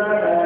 النار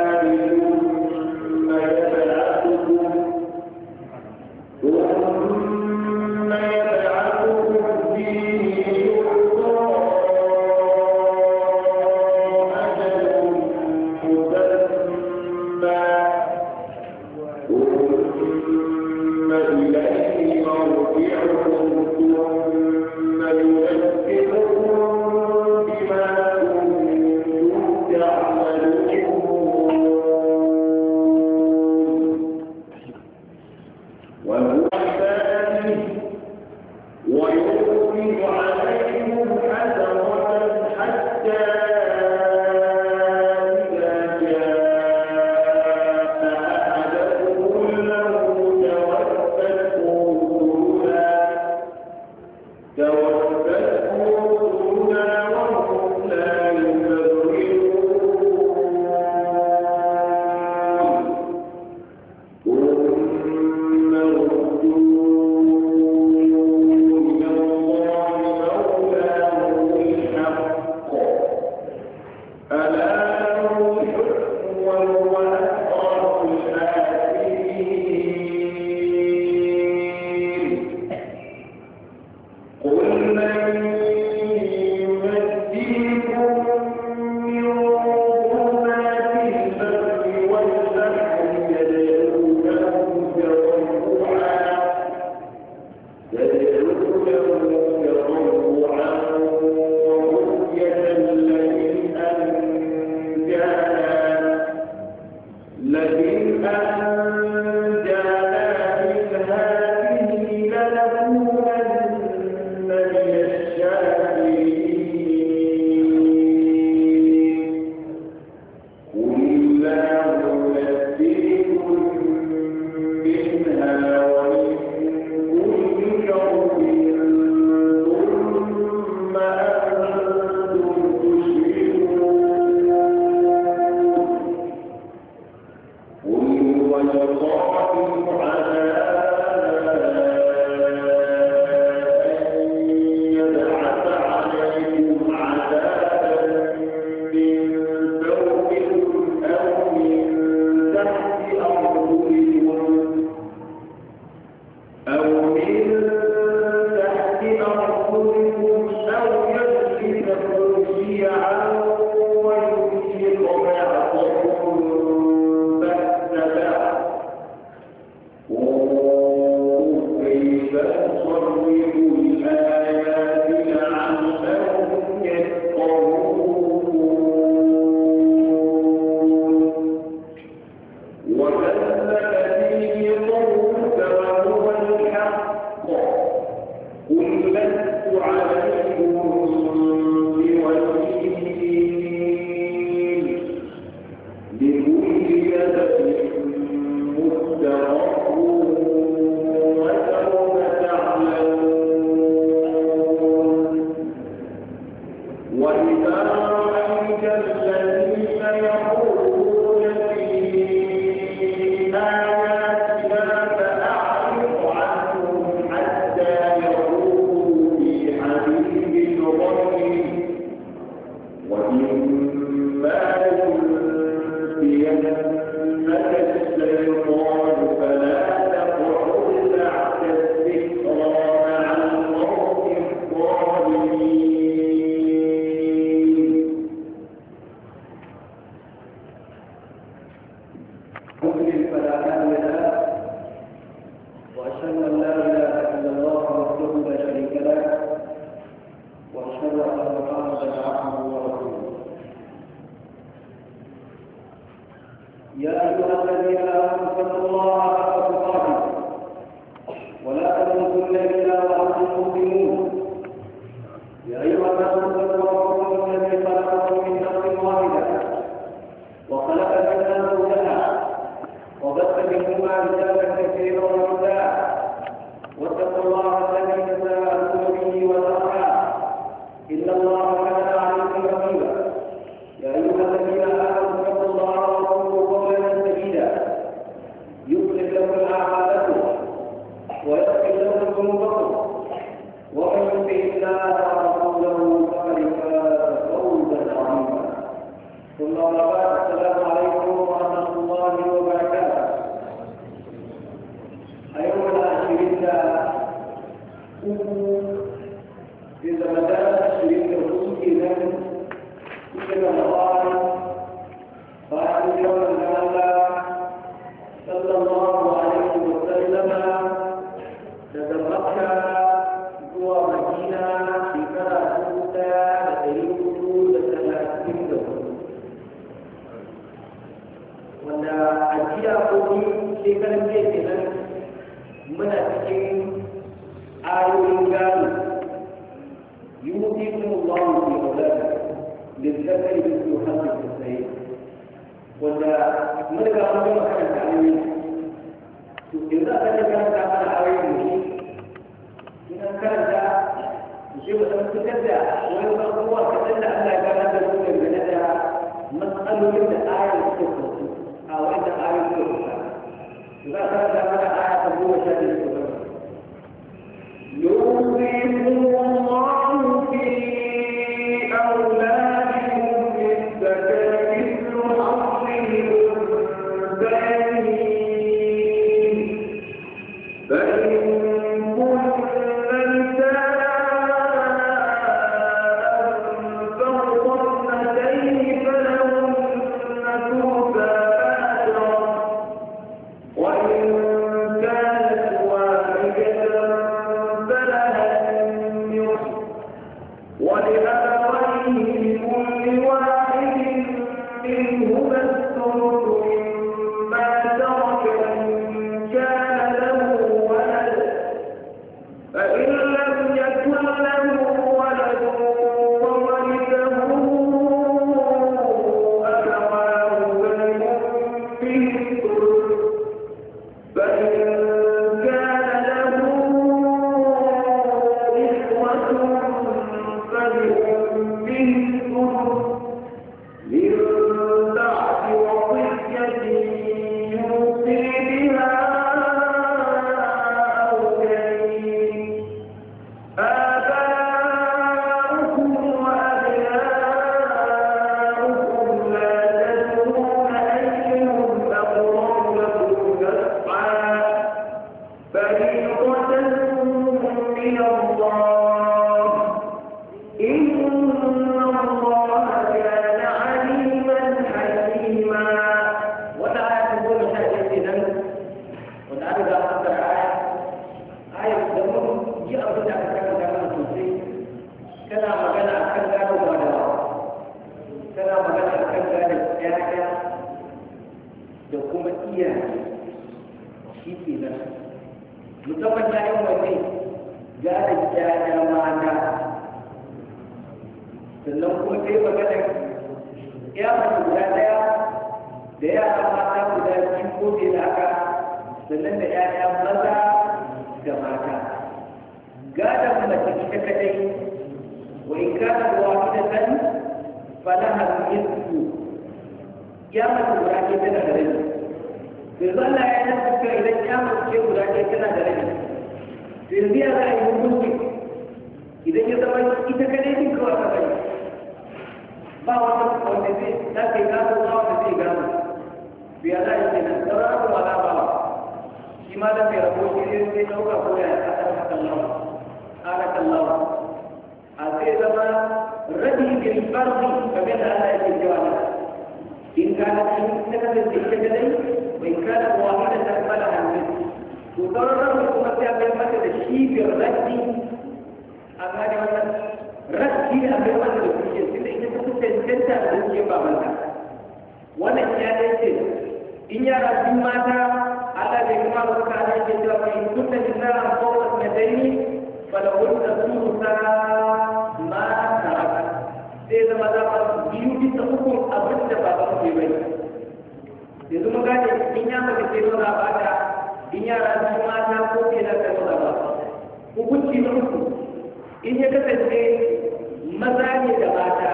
idan kai ne su da sai wanda mun ga mun ga kan ta ne to idan za ka ga kan a yi ne in an karanta shi ba da wani ba ko wa ka danna Allah ya ga da su da ne da da ayi su ko da ayi su ko su in yara su mata ko ke da kai ba hukunci na uku in ya kasance maza ne da mata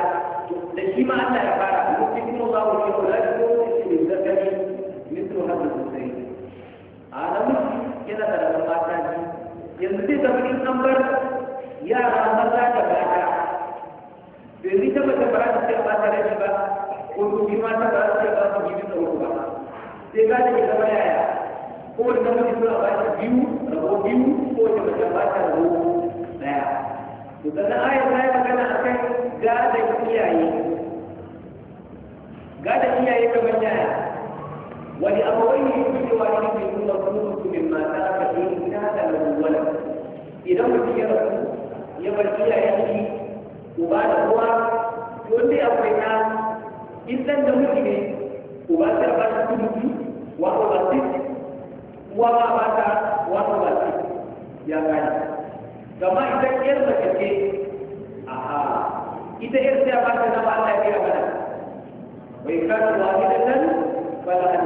da shi ma Allah ya fara mutum kuma za mu ce wala ko shi ne zakari na hadu sai a yana da mata ne yanzu sai da mun an bar yara maza da mata bai ni ta ba ta ce ba ta rashi ba ko kuma mata ba ta ba su yi ta ba sai ka da ke zama yaya ko wani namiji suna ba shi biyu rabo biyu ko wani mace ba shi rabo daya to Kana ayar ta yi magana a kan gadan iyaye Gadan iyaye kamar yaya wani abawai ne su ne wani ne mai nuna kuma mutumin mata aka ce ta da lalwala idan mutum ya rasu ya bar iyayen shi uba da kowa to sai akwai ta in da miji ne uba ta ba shi kudu wa uba uwa ma ba ta wata ba ya gani gama idan yar mace aha ita yar sai ba ta na ba ta biya mana bai kana ba fala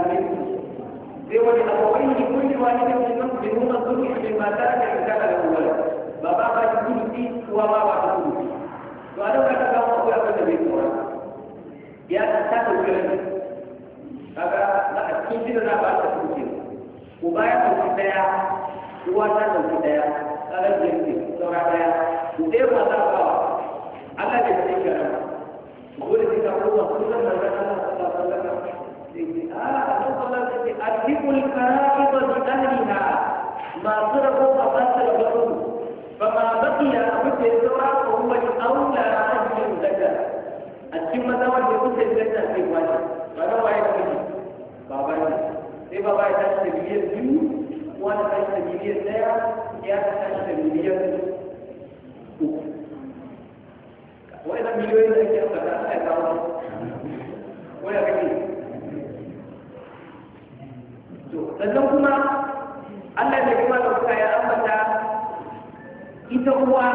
sai wani abawai ne kulli wahidan min muslimin kulli min ma ta da ita da wala baba ba ta kulli uwa ma ba ta kulli to a lokacin da kuma akwai abin da bai tsora ya ta ta kulli kaga ba a cikin da na ba ta kulli ku ya ɗauki ɗaya uwa ta ɗauki ɗaya tsarar jirgi saura ɗaya to ɗaya ba za ba Allah ne zai ka koma da zan Allah sallallahu alaihi wasallam sai ki a Allah sallallahu alaihi wasallam addikul kara'iba bi ahliha ma sarafu abatar garu fama baqiya abin da ya ko huwa aula an yi zakka a cikin ba shi ba ba ya tashi da miliyan biyu wani tashi da miliyan ɗaya ya tashi da miliyan uku wa'ina miliyoyin da ake ambata ana kawo waya kake to sannan kuma Allah ya kuma dauka ya ambata ita uwa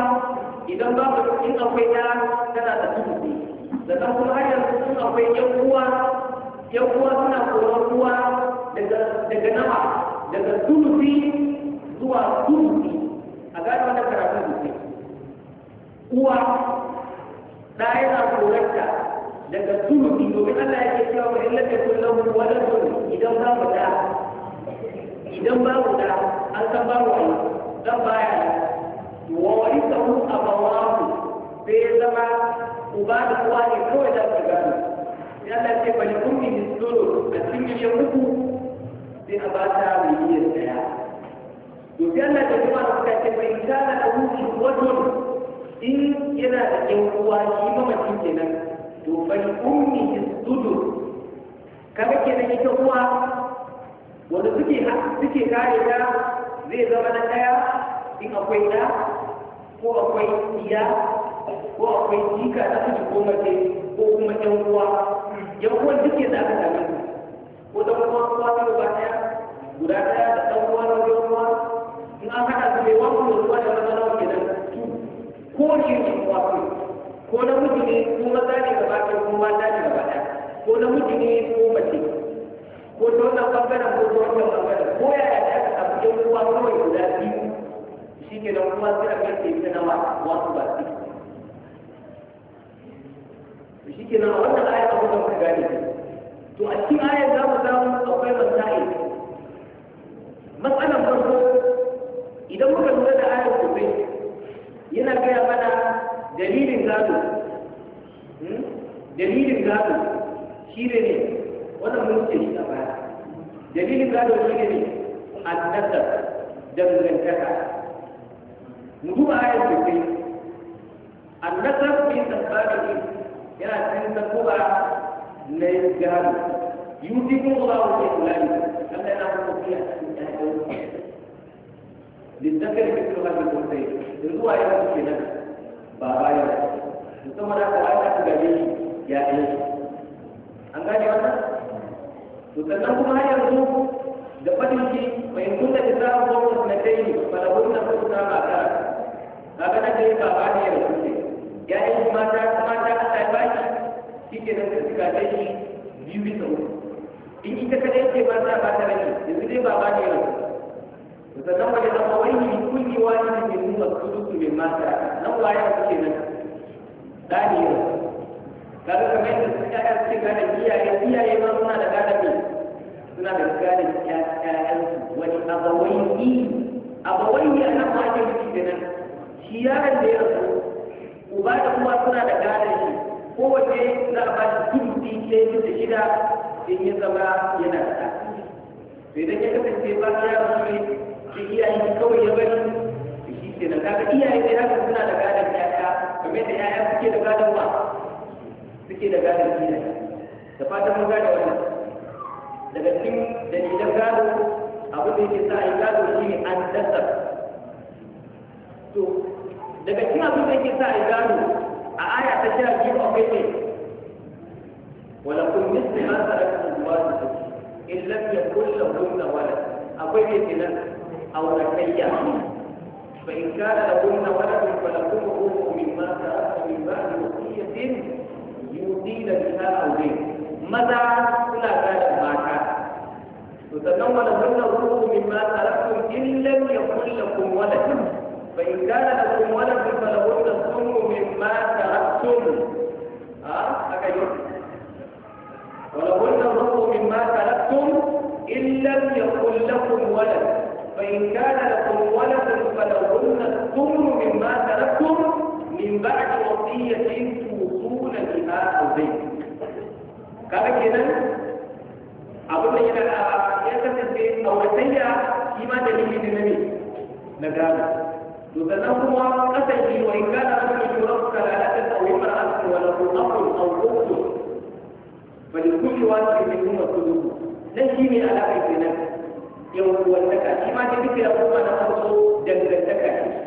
idan babu in akwai ta tana da tudu sannan kuma har yanzu in akwai yan uwa yan uwa suna koron uwa daga nawa daga sulusi zuwa sulusi a gane wannan karatun sosai uwa da yana korarta daga sulusi domin Allah ya ce cewa wa illa ta kullu waladun idan babu da idan babu da an san babu wani dan baya wa warisahu abawahu sai ya zama uba da uwa ne kawai za su gano ya Allah ce bani ummi nisuru a cikin yau uku sai a ba ta miliyan ɗaya to sai Allah da kuma da suka ce bai kana da wuce wato in yana da ƴan uwa shi mamacin kenan to bai ummi sudur kaga kenan ita uwa wanda suke suke kare ta zai zama na ɗaya in akwai ɗa ko akwai iya ko akwai jika ta kuma ko mace ko kuma ƴan uwa ƴan uwan duke ko da kuma kuma ta gaba guda daya da ɗan uwa da wajen uwa in an haɗa su bai wani da ruwa da maza nawa kenan su ko shi ne kuma ko ko namiji ne ko maza ne gaba ɗaya ko mata ne gaba ɗaya ko ne ko mace da ƴaƴa suke da gadon ba suke da gadon kina da fatan mun gane wannan daga cikin da gado abu da yake sa a yi gado shi ne an dasa to daga cikin abu da yake sa a yi gado a aya ta sha biyu akwai ne walakun misli ma sa aka sun zuwa su suke in lam ya kulla kunna wala akwai ne ke kai ya. Ba in ka da kunna wala kun kala kuma kuma ما ترك من بعد وصية يوصيل بها أو به متى ذلك ما كان تتنول هن الروح مما تركتم إن لم يكن لكم ولد فإن كان لكم ولد فلهن الثمن مما تركتم ها أكيد ولهن الرب مما تركتم إن لم يكن لكم ولد فإن كان لكم ولد فلهن الثمن مما تركتم من بعد وصية توصون لما أوزيت قال كذا أقول لك إذا أعطيت الدين أو وصية فيما دليل النبي نجاب يتنهم قتلي وإن كان رجل رب سلالة أو امرأة وله أمر أو أمر فلكل واحد منهم السلوك نجيني على بيتنا يوم هو التكاتي ما تذكر أقوم أنا أرسل جنب التكاتي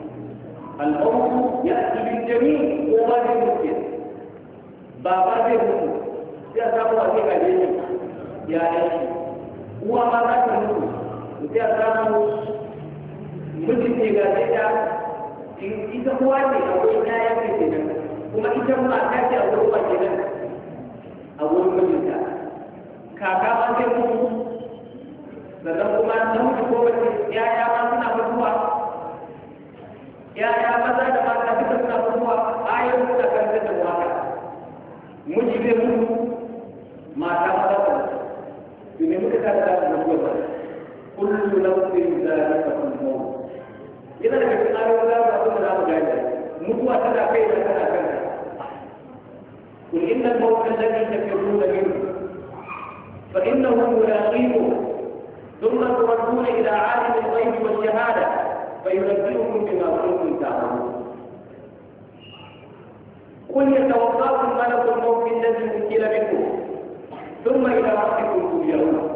الموت يأتي بالجميع وما يمكن بابا ya ya maza da mata duka suna fitowa ayoyin suna karfin da wata miji zai mutu mata maza ta mutu domin muka ta da mutuwa ba kullu nafsin zalikatul maut yana daga cikin ayoyin da za mu na mu gani mutuwa tana kai da tana kan قل إن الموت الذي تفرون منه فإنه ملاقيكم ثم تردون إلى عالم الغيب والشهادة فينبئكم بما كنتم تعملون قل يتوقاكم ملك الموت الذي وكل بكم ثم الى ربكم ترجعون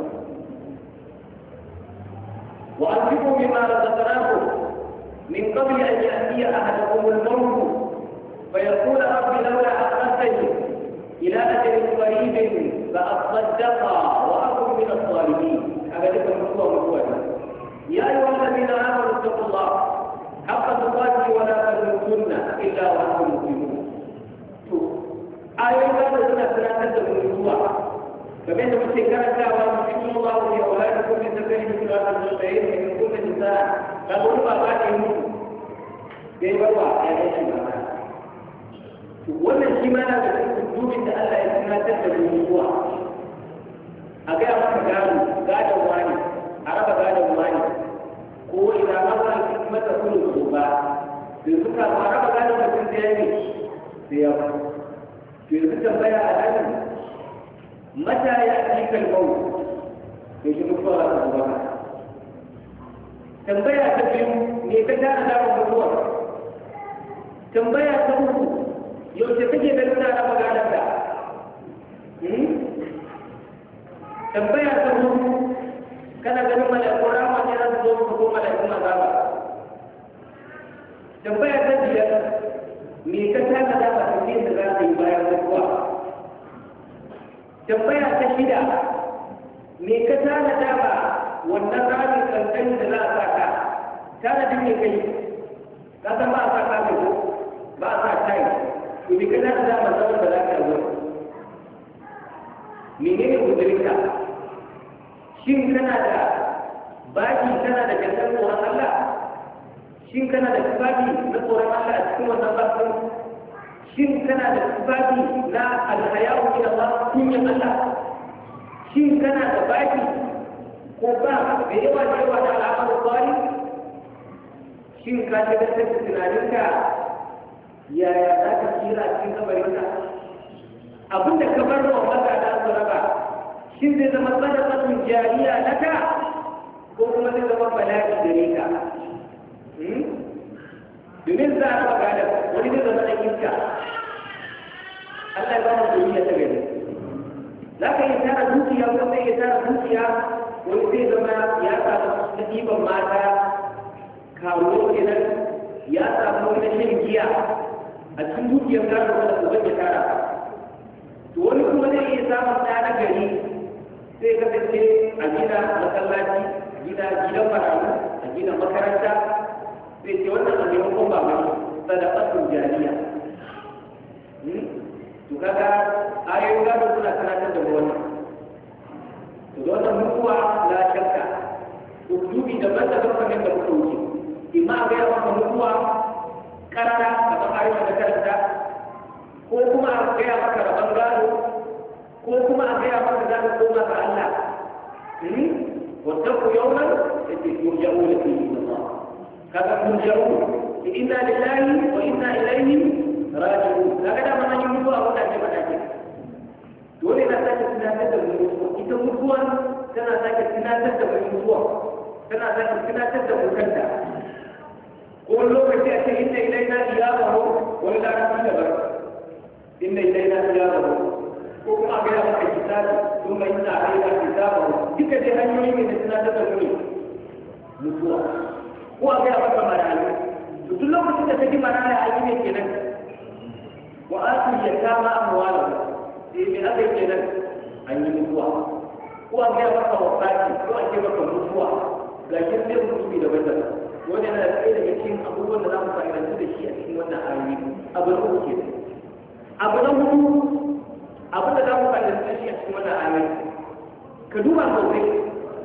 وانفقوا بما رزقناكم من قبل ان ياتي احدكم الموت فيقول رب لولا اخرتني الى اجل قريب فاصدق واكن من الصالحين هذا ذكر الله يا أيها الذين آمنوا اتقوا الله حق تقاته ولا تموتن إلا وأنتم مسلمون آية لا تقول ثلاثة الله فمن المشركات وأنفسكم الله في أولادكم كل ذكر مثل هذا الشيء من كل نساء فغلب أولادهم جاي بروع يعني الله shi ma na da dubin da ألا ya tunatar da mu a ga maka gado عرب wani a ko idan maza mata kullu goba bai suka fara ba gane mutum da yake da yawa bai su tambaya a nan mata ya aikal mau bai shi mutuwa za ta zuba tambaya ta biyu Me ka tara damar mutuwa tambaya ta uku yaushe kake da nuna na maganar da hmm? tambaya ta uku kana ganin mala'ikun rama ne za su zo maka ko mala'ikun azaba baya ta biyar me ka tana da ba ta da za ka yi bayan mutuwa baya ta shida me ka tana da ba wannan ramin kankani da za a sa ka tana da me kai ka san ba a sa ka ko ba a sa yi, to me ka tana da ba zaman da za ka yi menene gudurinka shin kana da baki kana da gangan tsoron Allah shin kana da tufafi na tsoron Allah a cikin wannan bakin shin kana da tufafi na alhayawu ila Allah kunya Allah shin kana da baki ko ba da yawa da yawa da alamar tsari shin ka ce da tunaninka yaya za ka tsira cikin kabarinka abinda ka bar wa maza da su raba shin zai zama sadaqatun jariya na laka ko kuma zai zama bala'i gare ka hmm? domin za a faɗa da wani zai zama ɗan iska Allah ya ba mu duniya ta gani za ka yi tara dukiya ko sai ya tara dukiya wani zai zama ya samu ɗiban mata kawo kenan ya samu wani shan giya a cikin dukiyar tara wanda uban ya tara to wani kuma zai iya samun ɗa na gari sai ka kasance a gina masallaci a gina gidan marayu a gina makaranta sai ce wannan a maimakon ba mai sadaqatul jariya hmm? to kaga ayoyin gado suna tunatar da wannan to da wannan mutuwa la shakka dubi da banda da kuma da muka wuce imma ga yawa mutuwa karara kamar ayoyin da karanta ko kuma a ga yawa karaban gado ko kuma a gaya maka za ka koma ga Allah واتقوا يوما ترجعون فيه الى الله كذا ترجعون انا لله وانا اليه راجعون هكذا ما نجمعوا ke تاتي ke. dole na sake tunatar da mutuwa ita mutuwa tana sake tunatar da mutuwa tana sake tunatar da mutanta ko lokaci a ce inda ilaina iyabahu wani da rafi da bar inda ko kuma bai yawa a kitabu sun mai sa a yi kitabu duka dai hanyoyi ne da suna daga muni mutuwa ko a ga yawa ka marayu duk lokacin da ta ji maraya a yi ne kenan wa asu ya kama amwala sai eh, me aka yi kenan an yi mutuwa ko a ga yawa ka ko a ga yawa mutuwa ga shi sai mutuwa daban-daban wani yana da ɗaya daga cikin abubuwan da za mu fa'idantu da shi a cikin wannan ayoyi abu na uku ke abu na hudu abin da za mu fadin kashi a cikin wannan ayoyi ka duba sosai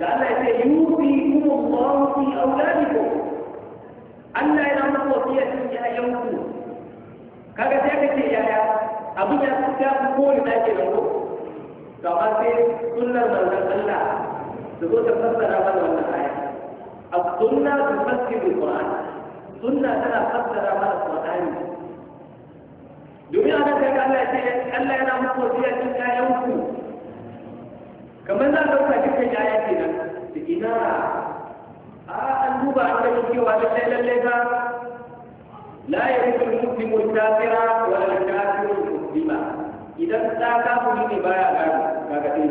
da Allah ya ce yubi kuma Allahu fi auladikum Allah yana muku wasiya cikin yayanku kaga sai ka ce yaya abin ya ta fi kowane da ke rago to amma sai sunnar manzon Allah da zo ta fassara mana wannan aya as-sunna tufassiru quran sunna tana fassara mana Qur'ani domin ana kai ga Allah ce Allah yana muku wasiya cikin kayan ku kamar za a dauka cikin yaya ke nan da ina a an duba an kai cewa lallai lallai ba la yarudu al-muslimu al-kafira wa la al-kafiru al-muslima idan ta kafiri ne baya gado kaga dai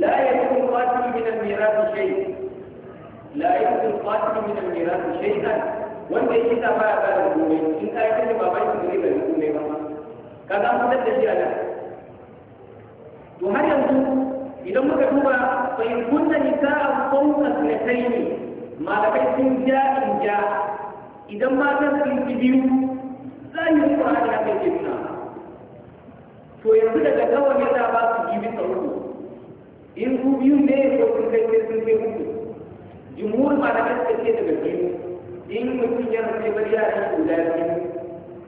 la ya yarudu al-qatil min al-mirath shay la ya yarudu al-qatil min al-mirath shay'an wanda yake sa baya ba da komai in ka yi kace baban shi zai bari komai ba ka ga mun da shi ana to har yanzu idan muka duba fa in kunna ne qawma sanatayn malamai sun ja in ja idan matan sun ci biyu za yi muku hali a kai jimna to yanzu daga kawai ya da ba su ji bisa uku in ku biyu ne ko sun kai sai sun kai uku jimhur malamai suka ce daga biyu in mutum ya rufe bari ya yi guda biyu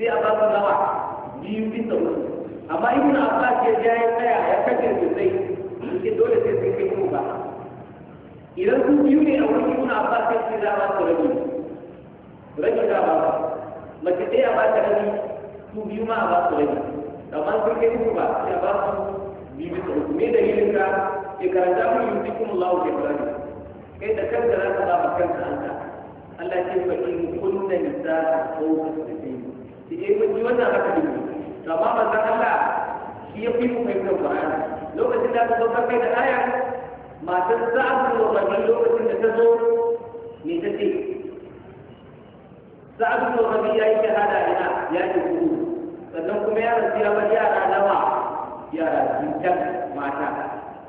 sai a basa nawa biyu bisa amma ya tsaya ya kace sosai yake dole sai sun kai uku ba idan su biyu ne a wurin ibn abbas sai su ba su rabi rabi da ba mace ɗaya ba ta rabi su biyu ma a ba su rabi amma sun kai uku ba sai a ba su biyu bisa uku me dalilin ka ya karanta mu yusikum Allahu bi kai da kanka za ka ba kanka an Allah ce ba in kunna nisa ko tasbihi shi dai mun ji wannan haka ne to amma manzon Allah shi ya fi mu kai Qur'ani lokacin da ka zo ka kai da aya matar zo wa rabbi lokacin da ta zo me ta ce sa'adu zo rabbi ya yi shahada ina ya ce ku sannan kuma yaron ya bar yara nawa yara biyu mata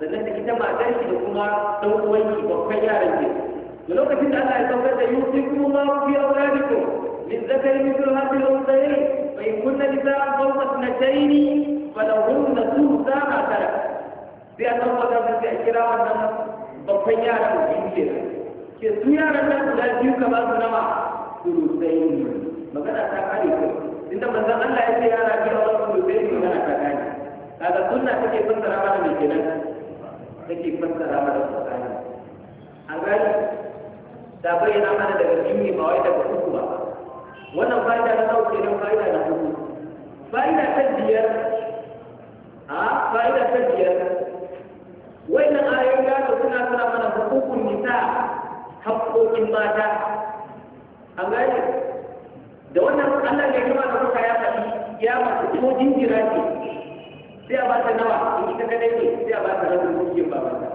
sannan da ita matar shi da kuma ɗan uwan shi babban yaran shi لوكتين الله يتوفى يوصيكم الله في أولادكم من ذكر مثل هذه الأنثيين فإن كنا نساء فوق اثنتين فلهن ثلثا ساعة ترك بأن الله تعالى في الكرام أنهم بطيارة الإنجيل كسيارة لا يجيك بعض نما ثلثين مغنى تقاليكم إنت من ذا الله يسيارة في أولاد ثلثين مغنى تقالي هذا سنة تكي فسر عمل من كنان تكي فسر عمل القرآن أغاني da bayyana mana daga jini ba wai daga uku ba wannan fa'ida na ke nan fa'ida na uku fa'ida ta biyar a fa'ida ta biyar wannan ayoyin gado suna suna mana hukukun nisa haƙoƙin mata an gani da wannan Allah ne kuma da kuka ya faɗi ya masu ko jinjira ne sai a ba ta nawa in ita kadai ne sai a ba ta nawa ba ta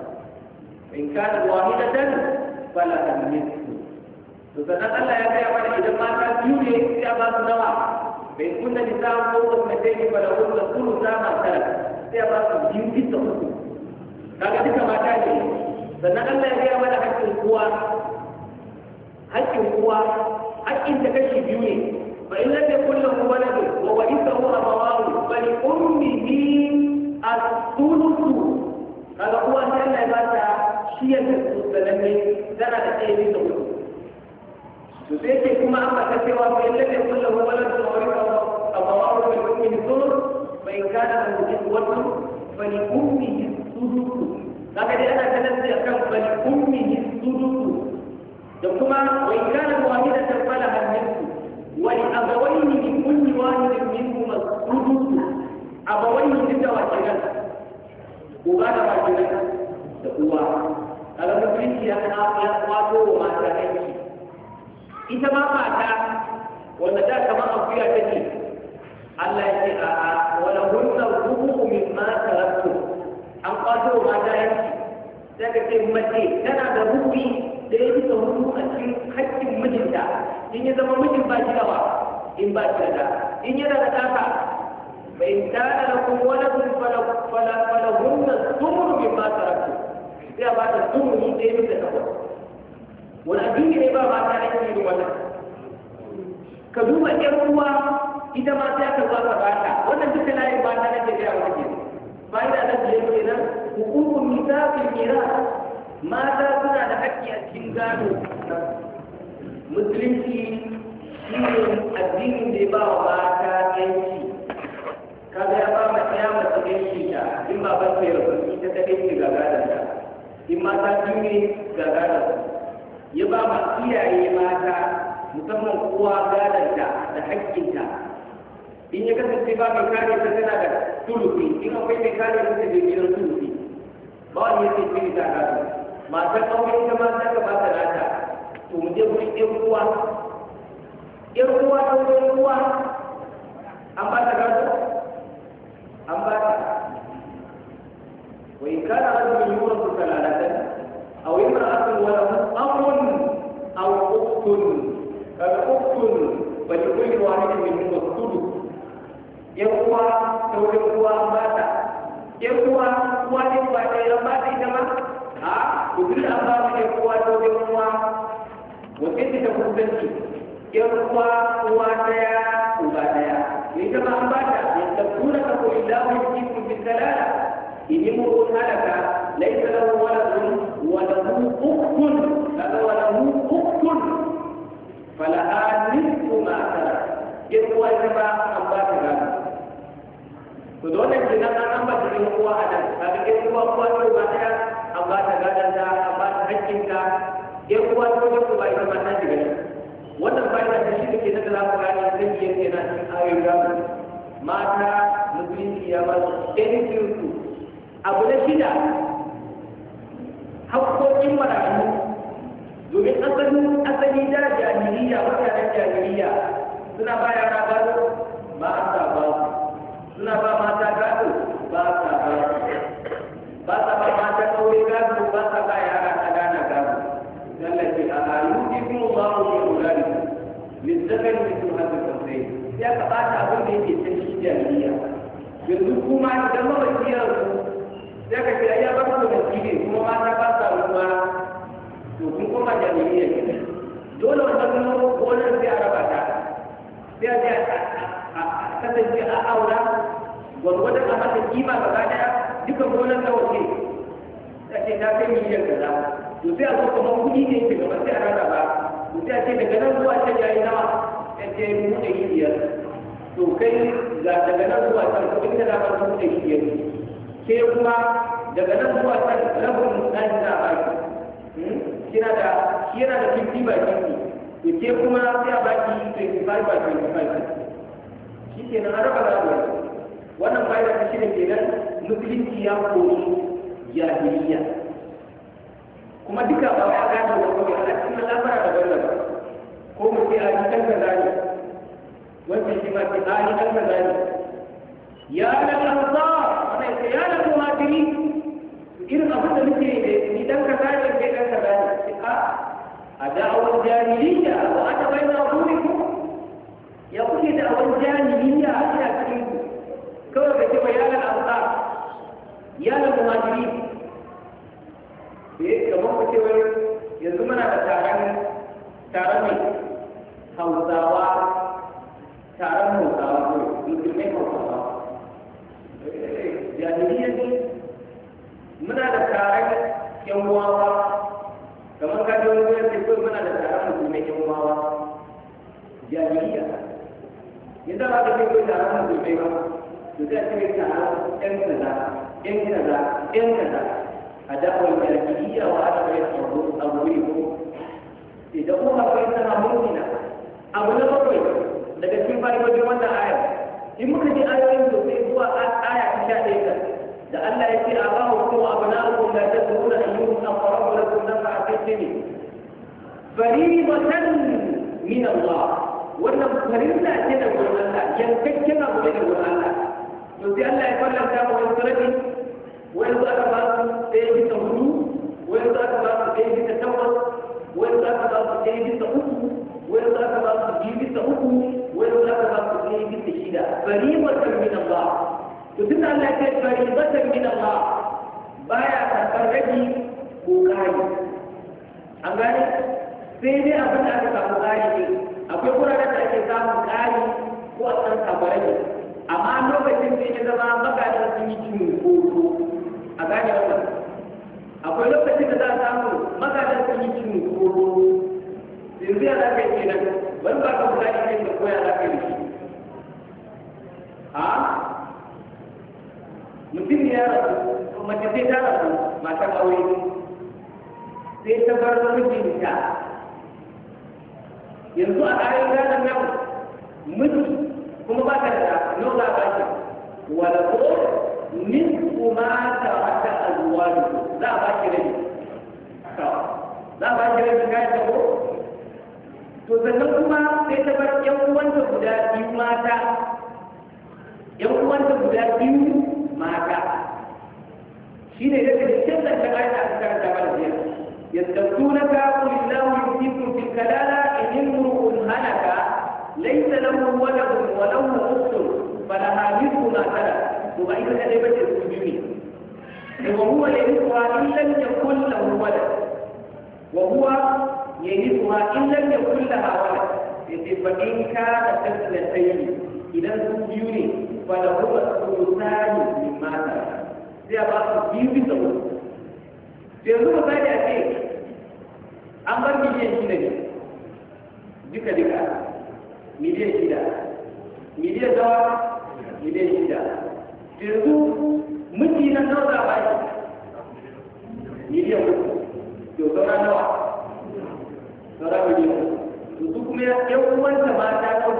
in kana dan. balagan mislu to sannan Allah ya gaya mana idan mata biyu ne sai a ba su nawa bai kunna ni ta ko wasu na dai ba da wasu da kullu ta ma tara sai a ba su biyu bisa uku kaga duka mata ne sannan Allah ya gaya mana hakkin kowa hakkin kowa hakkin ta kashi biyu ne fa in lam yakul lahu waladun wa warithahu abawahu fa li ummihi as-thuluth kaga uwa sai Allah ya ba ta shi ya tafi da lalle tana da ɗaya bisa hudu to sai ce kuma an ba ta cewa ba illa ne kullu wa wala ta wani ba amma wa wa bil ummi dur fa in kana an yujid wa fa li ummihi sududu kaga dai ana kallon sai akan fa li ummihi sududu da kuma wa in kana wahidatan fala hadisu wa li abawayni li kulli wahidin minhum sududu abawayni da wa kenan uba da wa kenan da uwa kaga mutunci ya ya kwato wa mata aiki ita ma mata wanda ta a kamar akuya take Allah ya ce a'a wala hunna rubu min ma taraktu an kwato wa mata aiki daga ce mace tana da rubi da ya fi sauru a cikin haƙƙin mijinta in ya zama mijin ba shi ba in ba shi da in yana da ɗaka bai tana da kuma wani kuma falahunna sumuru min ma taraktu sai a bata tumuni da ya wani addini ne ba mata ne wannan ka duba uwa ita ma sai aka zuwa bata wannan duka layin bata ne ke gaya wani ke fa'ida mu biyar kenan hukukun misafin mira mata suna da haƙƙi a cikin gado musulunci shi ne addinin da ya ba wa mata yanci kaga ya ba ma ɗaya mace yanci ta in ba ban sai rabu ita ta ɗaya ga gadon ta mata biyu ne ga ya ba ma iyaye mata musamman kowa gadonta da haƙƙinta in ya kasance ba mai kare ta tana da tulufi in akwai mai kare ta da gidan tulufi ba wani yake ciri ta gado matar aure ta mata ka ba ta nata to mu je gurin ɗan uwa ɗan uwa ta wurin uwa an ba ta gado an ba ta وإن كان رجل يورث كلالة أو امرأة وله أم أو أخت فالأخت فلكل واحد منهما الثلث يقوى لو يقوى مات يقوى واحد بعد يمات إنما ها وكل أمام يقوى لو يقوى وكيف تكون بنتي يقوى واتيا وباتيا إنما أمات يستبدونك قل الله يجيكم بالدلالة إن امرؤ هلك ليس له ولد وله أخت هذا وله أخت فلها نصف ما ترك إن هو إنما أنبات هذا فدون الجنة أن أنبت من هو أدم هذا إن هو أخوات وبعدها أنبات غدا أنبات حجك إن هو أخوات وبعدها ما تجد wannan bayan da shi ke na da zamu gani sai yake na cikin ayoyin mata musulunci ya ba su ɗan abu na shida haƙoƙin marayu domin asalin asali da jahiliya mutanen jahiliya suna ba yara gado ba a sa ba suna ba mata gado ba a sa ba ba sa ba mata aure gado ba sa ba yara ƙanana gado tallafi a ayu ibnu babu ne ulari lizzakar mutum haka sosai ya ka ɓata abin da yake can shi jahiliya yanzu kuma idan mawaki ya rubuta sai ka ya ba mu da kuma mata ba sa kuma to kun koma jami'iyya ne dole wannan kuma wannan sai a raba ta sai a ce a kasance a aura gwargwadon a mata kima gaba daya duka gonar ta wace ta ce ta kai miliyan kaza to sai a zo kamar kuɗi ne ke gaba sai a rarraba to sai a ce daga nan zuwa ta yayi nawa ta ce mu ɗari biyar to kai daga nan zuwa ta kuɗin da za mu ɗari biyar ke kuma daga nan zuwa can rabin ɗan da baki hmm? kina da shi yana da 50 by 50 to ke kuma sai a baki 25 by 25 shi ke nan araba za ku wannan fa'ida ta shine kenan musulunci ya koyi jahiliya kuma duka ba ya gane wa kawai ana cikin lamara da ko mu ce a yi kan kaza ne wancan shi ma ce a yi kan kaza ne ya ce ya na kuma tiri irin abin da muke ne ni dan kaza ne kai dan kaza ne a a da'awar jahiliya wa aka bai na buri ko ya kuke da'awar jahiliya a cikin kawai ka ce ba ya na amsa ya na kuma tiri eh kamar ku ce wai yanzu muna da taron taron ne hausawa taron hausawa ko musulmai hausawa eh, jahiliya ne muna da taron yan uwawa kamar ka ji wani wani sai muna da taron musulmai yan uwawa jahiliya yadda ba ka sai kawai da musulmai ba to sai ka yi taron yan kaza yan kaza yan kaza a da'awar jahiliya wa a bai tsaro a wuri ko idan kuma akwai tana mulkina abu na bakwai daga cikin fa'idodin wannan ayar in muka ji ayoyin sosai sha ɗaya da Allah ya ce a ba hukum abna'ukum la tadruna ayyuhum aqrabu lakum naf'a fi dini fariidatan min Allah wannan farilla ce da gurin Allah yankakken abu ne da gurin Allah to sai Allah ya farlanta wa wasu rabi wani za ka ba su ɗaya bisa hudu wani za ka ba su ɗaya bisa takwas wani za ka ba su ɗaya bisa uku wani za ka ba su biyu bisa uku wani za ka ba su ɗaya bisa shida fariidatan min Allah to tunda Allah ya bari faribatan min Allah baya karɓar rabi ko kari an gane sai dai abin da aka samu kari ne akwai wuraren da ake samun kari ko a san kabarai amma lokacin da ya zama bakatar sun yi cunkoso a gane wannan akwai lokacin da za a samu makatar sun yi cunkoso yanzu ya za ka yi kenan wani ba ka mutane ne ka koya za ka yi shi mutum ya rasu mace sai ta rasu mata aure sai ta bar mijinta yanzu a ƙarin gadon nan miji kuma ba ta da nau za ba ki wala ko min kuma ta wata azuwa za a ba ki za a ba ki rabi kayan ta ko to sannan kuma sai ta bar yan uwanta guda biyu mata yan uwanta guda biyu mata shi ne da kai canzan da ayat a cikin da ba da yastatunaka qul illahu yusikum fil kalala in imru'un halaka laysa lahu waladun wa lahu ukhtun falaha mithlu ma tarak to ba ita kadai bace su biyu ne wa huwa yarithuha in lam yakul lahu wala wa huwa yarithuha in lam yakul laha wala yace ba in ka kana taslatayni idan su biyu ne wala huwa sultani mimma tara sai a ba su biyu bisa uku yanzu misali a ce an bar miliyan shida ne duka duka miliyan shida miliyan dawa miliyan shida yanzu miji na nawa za a ba shi miliyan uku to saura nawa saura miliyan uku to su kuma yan uwanta mata ko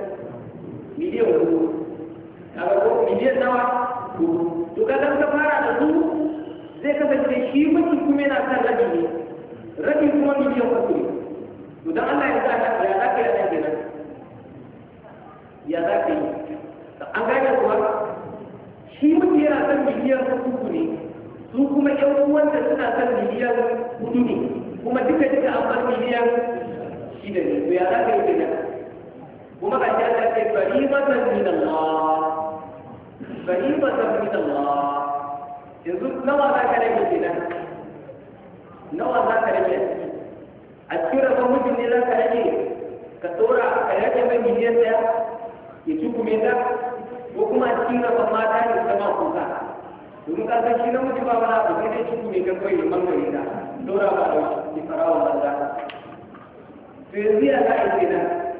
miliyan hudu kaga ko miliyan nawa hudu to kaga ka fara da su zai kasance shi mutum kuma yana kan rabi ni rabi kuma miliyan uku ne to Allah ya sa ka ya za ka yi kenan ya ka yi an gane kuma shi mutum yana kan miliyan uku ne su kuma yan uwanta suna kan miliyan hudu ni kuma duka duka an bar miliyan shida ne ya za ka yi kuma ga ta ce faribatan min Allah faribatan min Allah yanzu nawa za ka rage kenan nawa za ka rage a cikin rabon mutum ne za ka rage ka tsora ka rage mai miliyan ɗaya ya ci kuma ta ko kuma a cikin rabon mata ne sama kuka domin ka san shi na mutum ba wani abu sai dai ci kuma ta kawai ya mangare ta tsora ba da shi farawa banza to ya za a yi kenan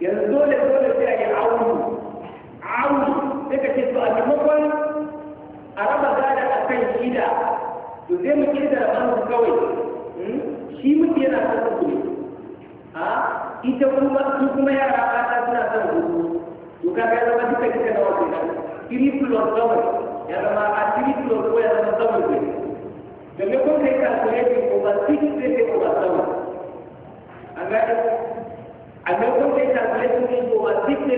yanzu dole dole sai a yi aunu aunu sai ka ce to a maimakon a raba gada a kan shida to zai mu kirga rabansu kawai hmm? shi mutu yana son uku ne a ita kuma su kuma yara mata suna son uku to kaga ya zama duka kika na wata three plus double ya zama a kiri plus ko ya zama double ne da kun kai calculating over six sai sai over seven an gane cikin overtake ne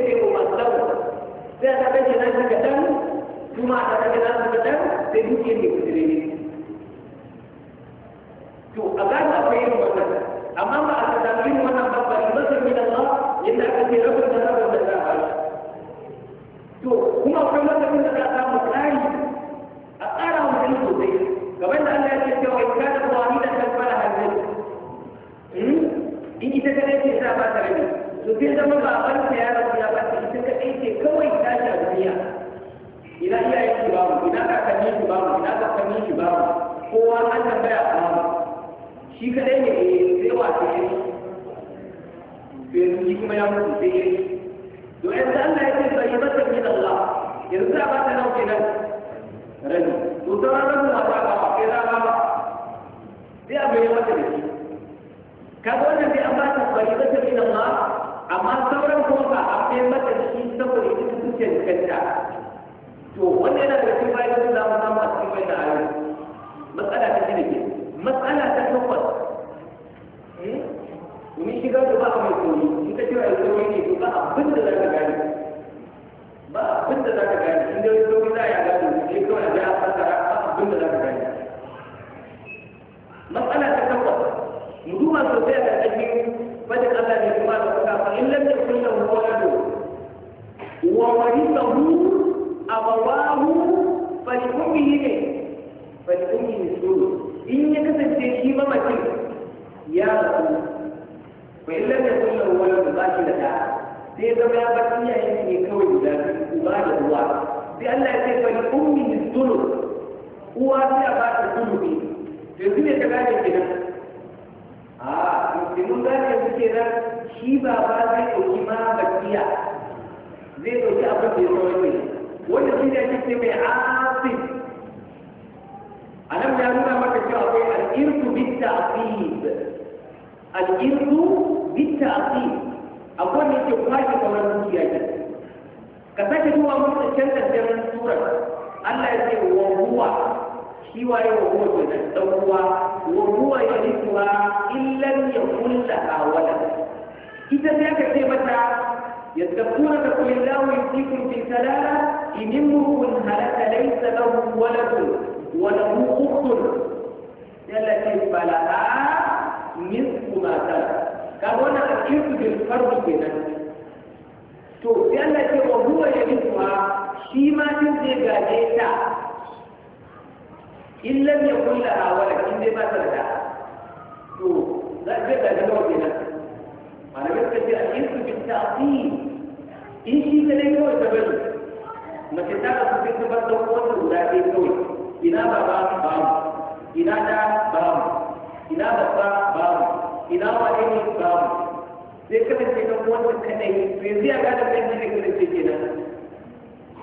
sai a ke nashi kaɗan kuma a taɓa ke nashi kaɗan sai duke ne to a gane akwai irin wannan amma ba a taɓa irin wannan babban ba da Allah yadda aka ce sai zama ya bar iyayen ne kawai guda biyu uba da uwa sai Allah ya ce fa li ummi nisulu uwa sai a ba ta sulubi to yanzu ne ka gane kenan a mun gane yanzu kenan shi ba ba zai ɗauki ma bakiya zai ɗauki abin da ya sauke wanda shi ne ake ce mai asif a nan ya nuna maka cewa akwai al'irku bitta asib al'irku bitta asib akwai wanda yake kwashe sauran dukiya ne ka sake duba mutum can karshen surar Allah ya ce wa huwa shi waye wa huwa ke nan dan uwa wa huwa ya rikuwa illan ya kulla a wala ita sai aka ce mata يذكرون فقل الله يمسككم في ثلاثة إن امرؤ هلك ليس له ولد وله أخت التي فلها نصف ما ترك ga wannan alƙirku bil fardu kenan to sai Allah ce wa huwa shi ma din zai gaje ta in lam yakun laha walad in dai ba ta da to za ta gaje nawa kenan malamai suka ce alƙirku ta fi, in shi ta ne kawai ta bari mace ta ka sai ta bar ɗan uwanta guda ɗaya kawai ina baba babu ina da babu ina babba babu ina wane ne babu sai kasance kan wanda kadai to yanzu ya gane kan shi ne kasance kenan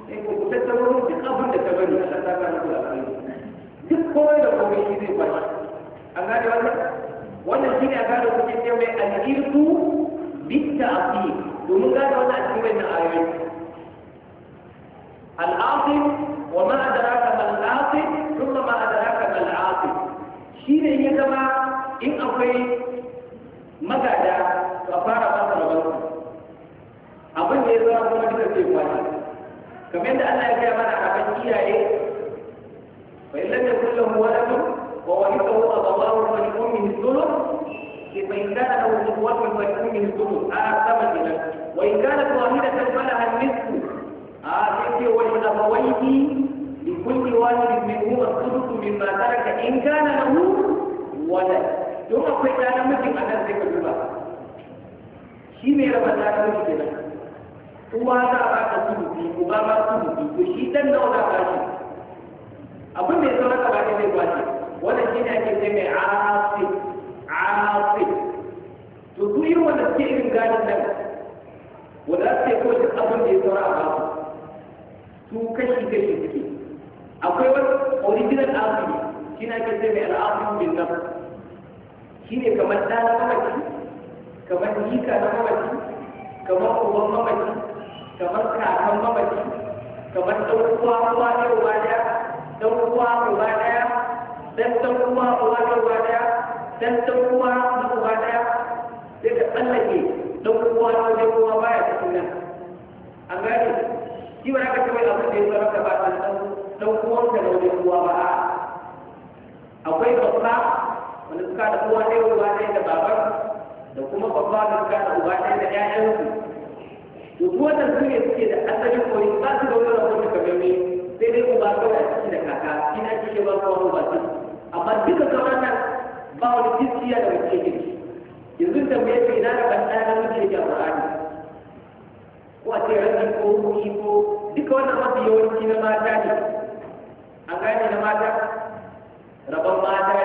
sai ko kusa ta wurin duk abin da ka bari a ta ka nufi a kai duk komai da komai shi zai bashi an gane wannan wannan shi ne a gane kuke ce mai al'irku bitta a fi domin gane wannan a cikin wannan ayoyi al'afin wa ma adraka mal afin thumma ma adraka mal afin shi ne ya zama in akwai magada ka fara fasa rabar abin da ya zama kuma duka zai kwace kamar yadda Allah ya gaya mana a kan iyaye fa illam yakul lahu waladun wa warithahu abawahu fa li ummihi thuluth fa in kana lahu ikhwatun fa li ummihi thuluth a sama kenan wa in kana wahidatan falaha nisfu a sai wa in abawaihi li kulli wahidin minhuma thuluth mimma taraka in kana lahu walad don akwai ɗanar mijin a nan zai ka duba shi ne raba ɗanar mijin nan uwa za a ka sulubi uba su mutu. Ko shi ɗan da za a ba shi abin da ya zama gaba ɗaya zai kwace wannan shi ne ake sai mai asif asif to su yi wanda suke irin gadin nan wanda su ke kowace abin da ya saura a basu su kashi kashi suke akwai wani original asif shi ne ake sai mai al'asif bin nafs shi ne kamar ɗa na mamaci kamar jika na mamaci kamar uwan mamaci kamar kakan mamaci kamar ɗan uwa uwa na uwa ɗaya ɗan uwa uwa ɗaya dan ɗan uwa uwa na uwa ɗaya dan ɗan na uwa ɗaya sai ka tsallake ɗan uwa na wajen ba ya cikin nan an gane shi ba za ka taɓa abin da ya zama ka ba ɗan uwan ka na kuwa ba akwai babba wani suka da uwa ɗaya uwa ɗaya da baban da kuma babba da suka da uwa ɗaya da ƴaƴansu to duk wannan su ne suke da asalin koyi ba su da wani rahoto kamar ne sai dai uba kawai a ciki da kaka shi na cike ba kuma uba ce amma duka sauran nan ba wani gaskiya da wani cikin yanzu da mai yake ina da ban ɗaya na mutum ya Qur'ani ko a ce rabi ko hukumi ko duka wannan mafi yawanci na mata ne a gane na mata rabon mata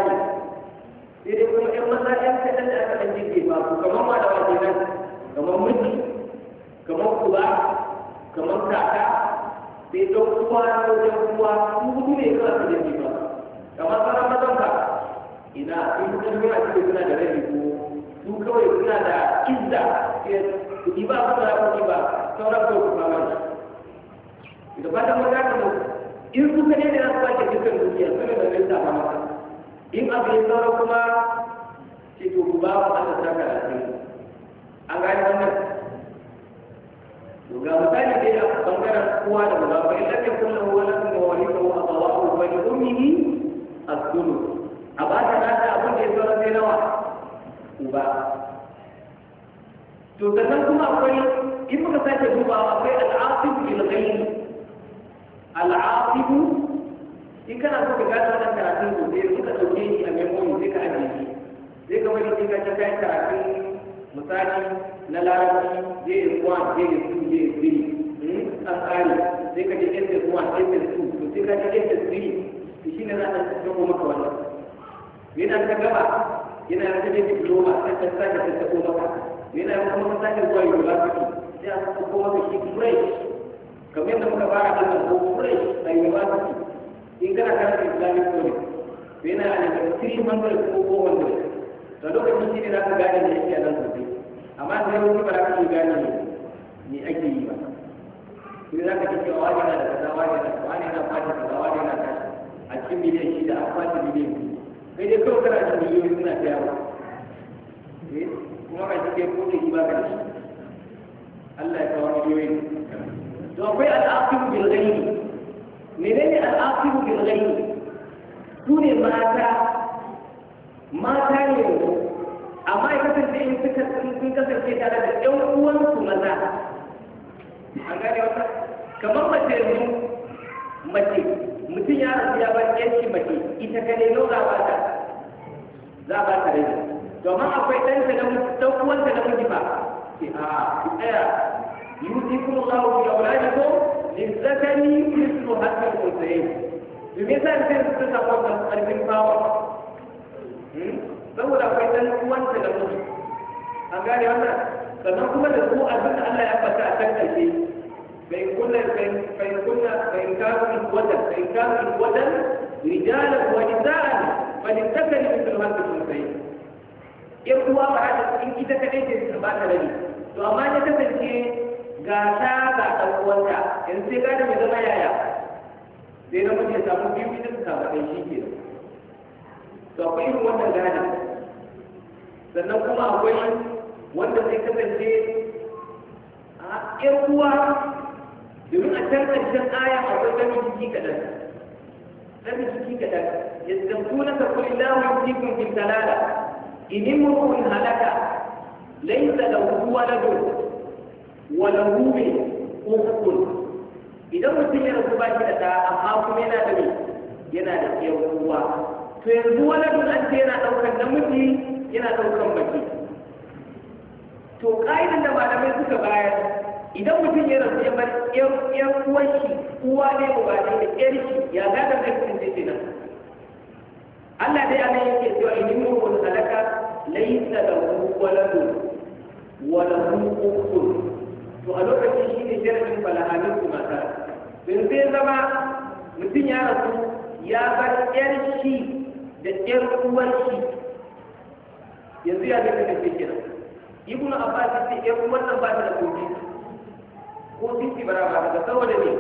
wani ƴan maza ƴan kaɗan da aka ɗan jirge ba ku kamar ma da wajen nan kamar kamar kuba kamar kaka sai ɗan uwa da wajen uwa su hudu ne kawai su jirge ba kamar mazan ba ina sun fi cikin suna da rabi ko su kawai suna da izza kuɗi ba ku da kuɗi ba sauran ku fama da da fatan maza ka mu in su da za su ba ke dukkan dukiya da in abu ya sauran kuma sai to ku ba ku Allah saka an gane wannan ga misali dai a bangaren uwa da uba fa in lam kuma lahu waladun wa warithahu kuma fa li ummihi as-sulu a ba ta nata abin da ya zama sai nawa uba to sannan kuma akwai in muka sake dubawa akwai al'aqib bil ghayb in kana so ka gane wannan karatun gobe suka dauke ni a memory sai ka ajiye shi zai kamar wani kika ta kai karatun misali na larabci zai yi kuwa zai yi su zai yi three hmm? an tsari zai ka je ss one ss su to sai ka je ss three to shi ne za a tabo maka wannan yana ta gaba yana ta je diploma sai ta sake ta kuma maka yana kuma ka sake zuwa university sai a tabo maka shi fresh kamar yadda muka fara da ko fresh a university in kana karanta islamic college yana da 300 ko 400 da lokacin shi ne za ka gane me ake a nan sosai amma da yau ba za ka iya gane ne ake yi ba shi za ka ce wani na da kaza wani yana wani na kwace kaza wani na tashi a cikin miliyan da a kwace miliyan biyu kai dai kawai kana cikin miliyoyi suna ta yawa eh? kuma ka shi kai ko shi ba ka da shi Allah ya kawo miliyoyi to akwai al'aqibu bil ghaibi menene al'aqibu bil ghaibi sune mata mata ne amma ya kasance in suka sun kasance tare da ƴan uwansu maza an gane wata kamar mace mu mace mutum ya rasu ya bar yanki mace ita ka ne za ba ta za ba ta rage domin akwai ɗan ta na ɗan uwanta na miji ba ke a ah, ku tsaya yusikum Allahu bi auladikum lizakari mithlu hadhihi al-unsayayn domin sai sai su ta samu karfin bawa saboda akwai dan uwanta da mutu an gane wannan sannan kuma da su abin da Allah ya fata a kan ƙarshe bai kunna bai kunna bai kafin wadan bai kafin wadan rijalan wa nisa'an fa litakali mithlu hadhihi al-sayyi yan uwa ba ta in ita kadai ce ba ta rabi to amma ta kasance ga ta ga dan uwanta yanzu sai gane da mai zama yaya sai na mutum ya samu biyu ita ta samu ɗaya shi kenan to akwai irin wannan gane sannan kuma akwai wanda zai kasance a ƴan uwa domin a can ƙarshen aya akwai ɗan jiki kaɗan ɗan jiki kaɗan يستمتون تقول الله يمسكم في الدلالة إن امرؤ هلك ليس له ولد وله أخت Idan mutum ya rasu ba shi da ta amma kuma yana da yana da uwa to yanzu wani bulance yana ɗaukar namiji yana ɗaukar mace to ƙa'idan da malamai suka bayar idan mutum ya rasu ya bar ƴan uwan shi uwa ne mu ba da ƴar shi ya gada zai kasance nan Allah dai ana yake cewa idan mun wani halaka laisa lahu waladun wa lahu ukhtun to a lokacin shi ne sharadin falahalin su mata yanzu zai zama mutum ya rasu ya bar ƴar shi da ƴar uwar shi yanzu ya zai da ke nan ibn abbas sai ƴar uwar nan ba ta da kofi ko titi bara ba daga saboda ne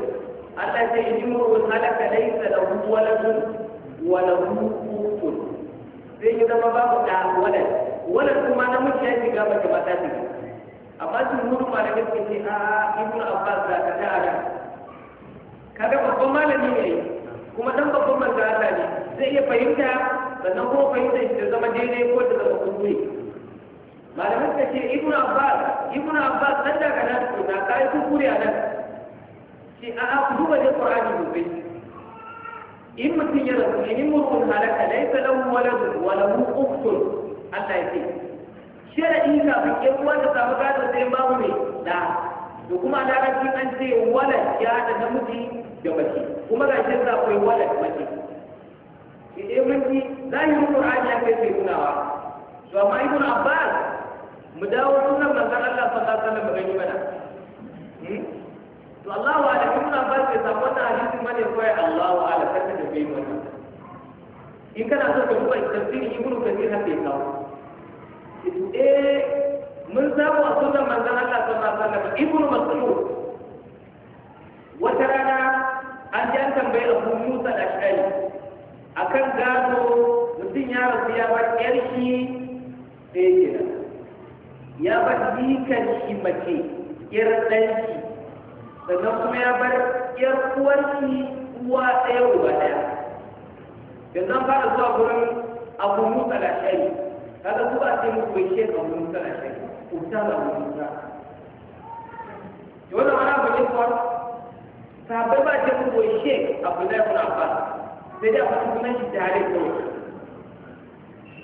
Allah sai jumhurul halaka laysa lahu waladun wa lahu ukhtun sai ya zama babu da walad walad kuma na namiji ya shiga mace ba ta shiga amma jumhurul malamai suke ce a ibn abbas da ka ta ada kaga babban malami ne kuma dan babban manzo Allah ne zai iya fahimta sannan kuma fahimta shi ta zama daidai ko da zama kuskure malamin ka ce ibnu abbas ibnu abbas nan daga nan to da kai kuskure a nan shi a a ku duba dai qur'ani sosai in mutum ya rasu in murkun halaka laysa lahu waladun wa lahu ukhtun Allah ya ce sharadi kafin yan uwa ta samu gadon sai babu ne da to kuma a larabci an ce walad ya da namiji da mace kuma ga shi akwai walad mace idan mun ji zahirin qur'ani ya kai nunawa to amma ibn abbas mu sunan Allah sallallahu alaihi wasallam mana hmm? to Allah wa da ibn abbas bai da wannan hadisin bane Allah wa ala kanta da bai wannan in kana so ka duba ibn kathir har bai kawo eh mun samu a sunan Allah sallallahu alaihi wasallam ibn mas'ud wata rana an ji an tambayi abu musa da ashari akan gano mutum ya rasu ya ba yar shi ɗaya kenan ya ba dikan shi mace yar ɗan shi sannan kuma ya bar yar uwar shi uwa ɗaya uba ɗaya yanzu fara zuwa gurin abun musa da shari kaga zuwa sai mu koyi shi abun musa da shari kuta da abu musa wannan wani abu ne kuwa sabai ba ce mu koyi shi abu da ya kuna fara sai da faɗi sunan shi tare kawai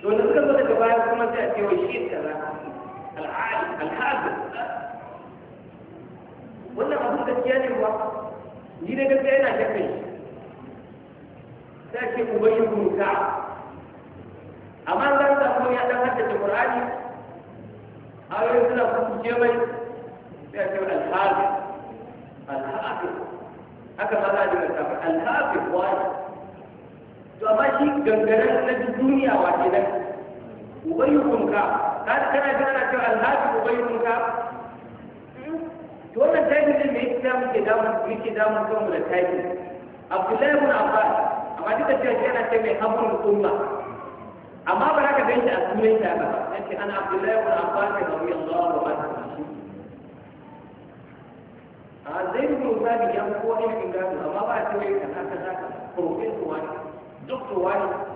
to da suka zo daga baya kuma sai a ce wai shi kaza al'adu wannan abin gaskiya ne ba ni da gaskiya yana da kai sai ce ubai rubuta amma za ka samu ya dan haddace qur'ani ayoyin suna kusurce mai sai a ce al'adu al'adu haka ba za a ji mai al'adu wani to amma shi gangaren na duniya wa ke nan ubayyukunka ka kana kana cewa alhaji ubayyukunka to wannan taifin din me yake damu ke damu yake damu kanmu da taifin abdullahi ibn abbas amma duka cewa shi yana ce mai habrul umma amma ba za ka gan shi a sunan shi ba yace ana abdullahi ibn abbas radiyallahu anhu a zai ibn usabi ya ko ilimin gado amma ba a cewa yana haka haka profesor duk ruwa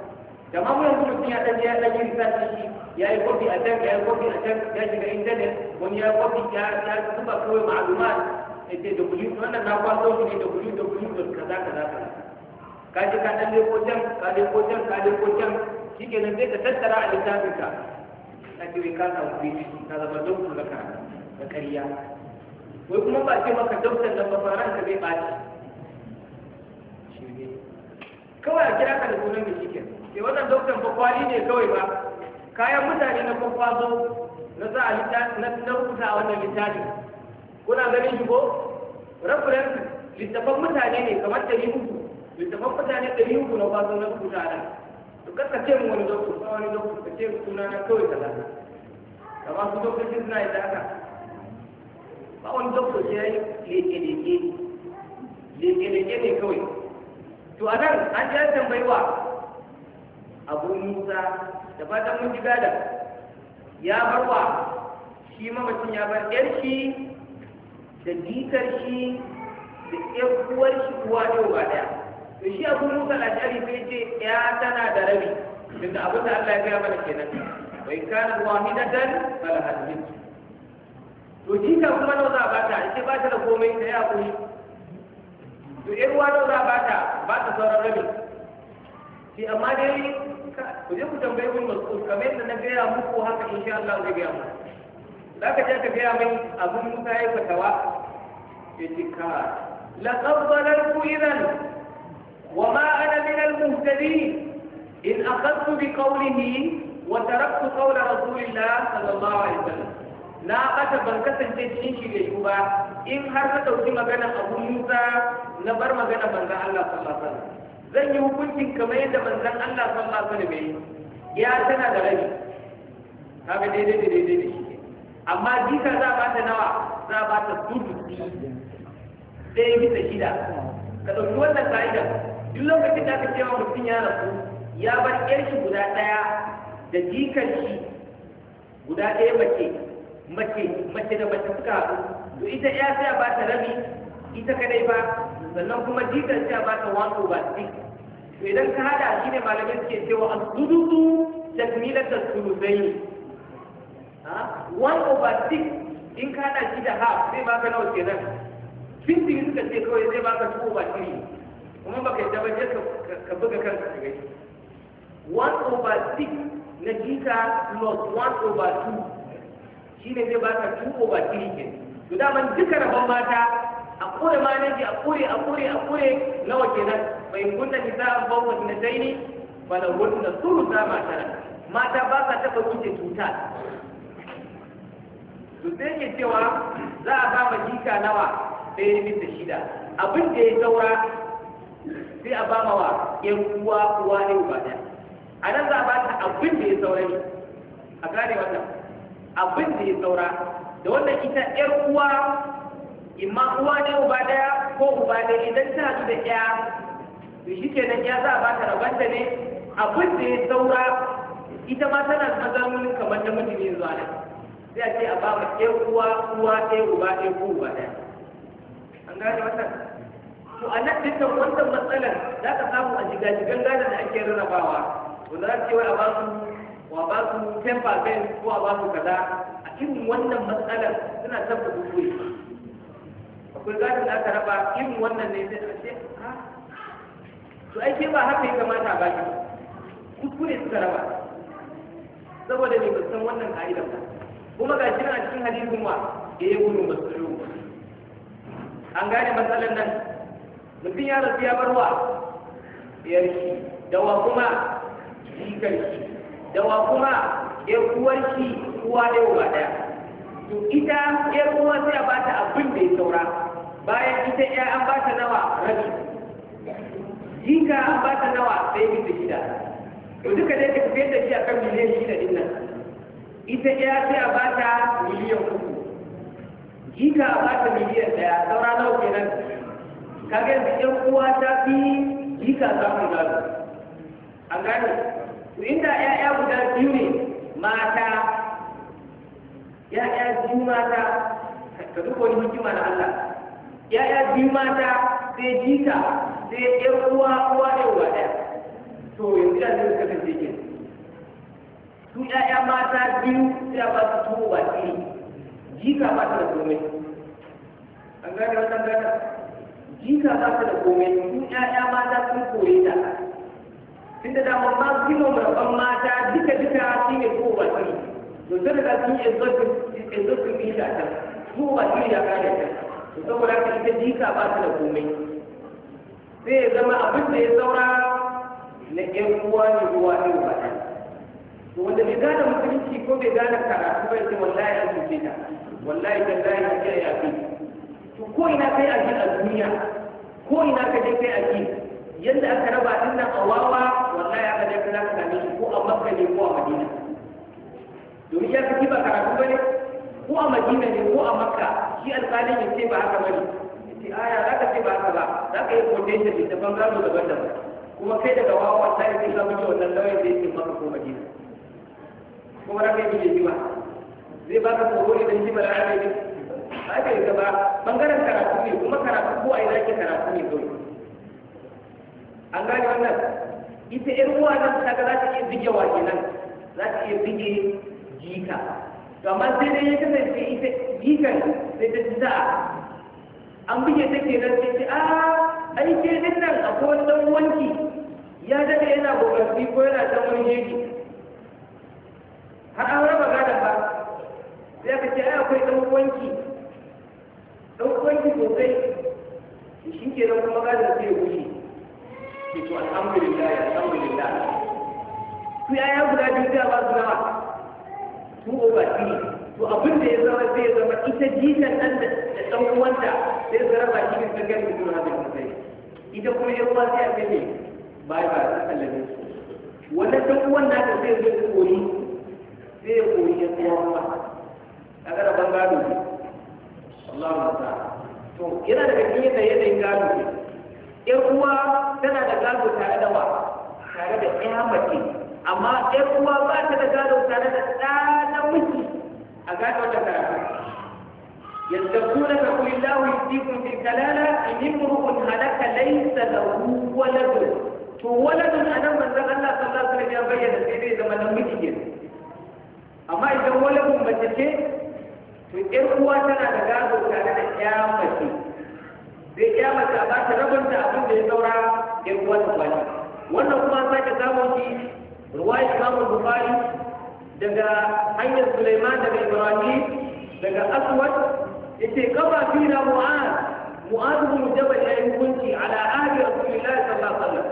da ma mun yanzu mutum ya ɗan ya ɗan yin sa shi ya yi kofi a can ya yi kofi a can ya shiga intanet wani ya yi kofi ya ya zuba kawai ma'lumat ya ce w wannan na kwaso shi ne w w kaza kaza kaza ka je ka ɗan leko can ka leko can ka leko can shi ke nan sai ka tattara a littafinka ka ce ka samu fiye ka zama don da ka da ƙarya wai kuma ba ce maka doktor da ba faranka zai ɓaci shi ne kawai a kira ka da sunan mai shi ke eh, wannan dokan kwakwali ne kawai ba kayan mutane na kwakwazo na za a na rubuta a wannan littafi kuna ganin shi ko rafuran littafan mutane ne kamar ɗari uku littafan mutane ɗari uku na kwazo na rubuta a nan to kasa ce mu wani dokan ba wani dokan ka ce suna na kawai kaza kama su dokokin suna yi da haka ba wani dokan ya yi leke-leke leke-leke ne kawai to a nan an ji an tambayiwa abu musa da fatan mun ji gada ya barwa shi mamacin ya bar yar shi da jikar shi da yan uwar shi kuwa ne uba daya to shi abu musa jari sai ce ya tana da rabi tunda abu da Allah ya gaya mana kenan bai kana dan bala hadith to jika kuma nawa za a bata ita ba ta da komai da ya koyi to ƴar uwa da za ba ta ba ta sauran rabin shi amma dai ku je ku tambayi mun mas'ul kamar yadda na gaya muku haka insha Allah zai gaya muku za ka je ka gaya min abin musa ya fatawa ya ce ka laqad dalaltu idan wa ma ana min al-muhtadin in akhadtu bi qawlihi وتركت قول رسول الله صلى الله عليه وسلم لا قد بنكسن تشين شيء ba. in har na ɗauki magana abu musa na bar magana manzan allah san alaihi zan yi hukuncin kamar yadda manzan allah sallallahu alaihi wasallam ya tana da rabi kaga daidai da daidai da shi amma jika za ba ta nawa za ba ta dudu ɗaya bisa shida ka ɗauki wannan sa'ida duk lokacin da aka cewa mutum ya rasu ya bar ƴar shi guda ɗaya da jikar shi guda ɗaya mace mace mace da mace suka haɗu to ita ya sai ba ta rabi ita kadai ba sannan kuma jikar sai ba ta wato ba six to idan ka hada shi ne malamai suke cewa al-sudusu takmilatan sulusaini ha 1 over in ka hada shi da half zai baka nawa kenan 50 suka ce kawai zai baka tuko over 3 kuma baka yi tabbatar ka buga kanka ka shi over six na jika plus 1 over two. shi ne zai baka tuwo ba kiri ke to man duka rabon mata a kore ma ji a kore a kore a kore nawa kenan bai kunna nisa'an bawa na bana ba da wanda suru za mata mata ba sa taɓa wuce tuta to sai ke cewa za a ba ma jika nawa ɗaya da shida abin da ya saura sai a ba ma wa ƴan uwa uwa ne ba ɗaya a nan za a ba ta abin da ya saurari, a gane wannan abin da ya saura da wannan ita ƴar uwa imma uwa ne uba daya ko uba ne idan ta haɗu da ƴa to shi kenan ya za a ba ta rabanta ne abin da ya saura ita ma tana mazan kamar da mutumin zuwa nan sai a ce a ba mu ƴar uwa uwa ɗaya uba ɗaya ko uba ɗaya an gane wannan to a nan dukkan wannan matsalar za ka samu a shiga shigan gadon da ake rarrabawa wanda za ka ce wai a ba su wa ba su ten percent ko a ba su kaza a irin wannan matsalar suna tabbata kuskure akwai za da aka raba irin wannan ne sai a ce to ai ke ba haka ya kamata a baki kuskure suka raba saboda ne san wannan ka'ida ba kuma ga shirin a cikin hadisin wa ya yi gudun basu an gane matsalar nan mutum ya rasu ya bar wa yarki da wa kuma jikar shi da wa kuma ya uwar shi uwa da uwa ɗaya to ita ya kuma sai a ba ta abin da ya saura bayan ita ya an ba ta nawa rabi jinka an ba ta nawa sai bisa shida to duka dai ka fiye da shi a kan miliyan shida din nan ita ya sai a ba ta miliyan uku jika a ba ta miliyan ɗaya saura nawa kenan kaga yanzu ƴan uwa ta fi jika samun gado an gane to inda ƴaƴa guda biyu ne mata ƴaƴa biyu mata ka duk wani hikima na Allah ƴaƴa biyu mata sai jika sai ƴan uwa uwa da uwa ɗaya to yanzu da zai kasance ke su ƴaƴa mata biyu sai a ba tuwo ba ɗaya jika ba ta da komai an gane wannan gana jika ba ta da komai su ƴaƴa mata sun kore ta tunda da mun ba su mu ban mata duka duka shi ne ko ba shi to sai da sun yi zurfin zurfin bi da ta ko ba shi da kare ta to saboda haka ita jika ba ta da komai sai ya zama abin da ya saura na ƴan uwa ne uwa ne ba ta to wanda bai gane musulunci ko bai gane karatu ba ce wallahi an tuce ta wallahi da ya kira ya fi to ko ina kai a a duniya ko ina ka je kai a yadda aka raba din nan a wawa wallahi aka je kana kana ne ko a makka ne ko a madina domin ya fi ba karatu ba ne ko a madina ne ko a makka shi alƙalin ya ce ba haka ba ne ce aya za ka ce ba haka ba za ka yi quotation da bangaro daban-daban kuma kai daga wawa wallahi sai ka mutu wannan lauyan da yake maka ko madina kuma raka yi ne jiwa zai ba ka tsoro idan da bala ne ba ka yi gaba bangaren karatu ne kuma karatu ko a yi zaki karatu ne kawai an gane wannan ita ƴar uwa nan ta ga za ta iya bige wa nan za ta iya bige jika to amma sai dai ya kasance ita jikan sai ta ji za'a an bige ta kenan sai ce a ah, ai ke din nan akwai wani ɗan wanki ya daga yana gogarfi ko yana ta wani jeji har an raba gadon ba sai aka ce ai akwai ɗan wanki ɗan wanki sosai shi kenan kuma gadon sai ya wuce ke to alhamdulillah alhamdulillah su yaya guda biyu da ba su zama su over three to abin da ya zama sai ya zama ita jikan nan da ɗan uwanta sai ya zama shi ne tsangar da kuma hannun da zai ita kuma ya kuma sai a kai ne bai ba su kallabe su wannan ɗan uwan da zai zai koyi sai ya koyi ya tsawa kuma a kada ban gado ne Allah ta to yana daga cikin yadda yanayin gado ne yar uwa tana da gado tare da wa tare da ɗaya mace amma yar uwa ba ta da gado tare da ɗa namiji a gado da karatu يستغفرون فقل الله يهديكم في الكلالة إن امرؤ هلك ليس له ولد to waladun a nan manzan Allah sallallahu alaihi wasallam ya bayyana sai dai zama nan miji ne amma idan waladun mace ce to ɗan uwa tana da gado tare da ƴa mace Zai sai mata a bata rabanta abin da ya saura ya kuwa ta kwani wannan kuma an sake samun shi ruwaya imamu bukari daga hanyar suleiman daga ibrahim daga aswad yace kafa fina mu'az mu'az bin jabal ya yi hukunci ala ahli rasulillahi sallallahu alaihi wasallam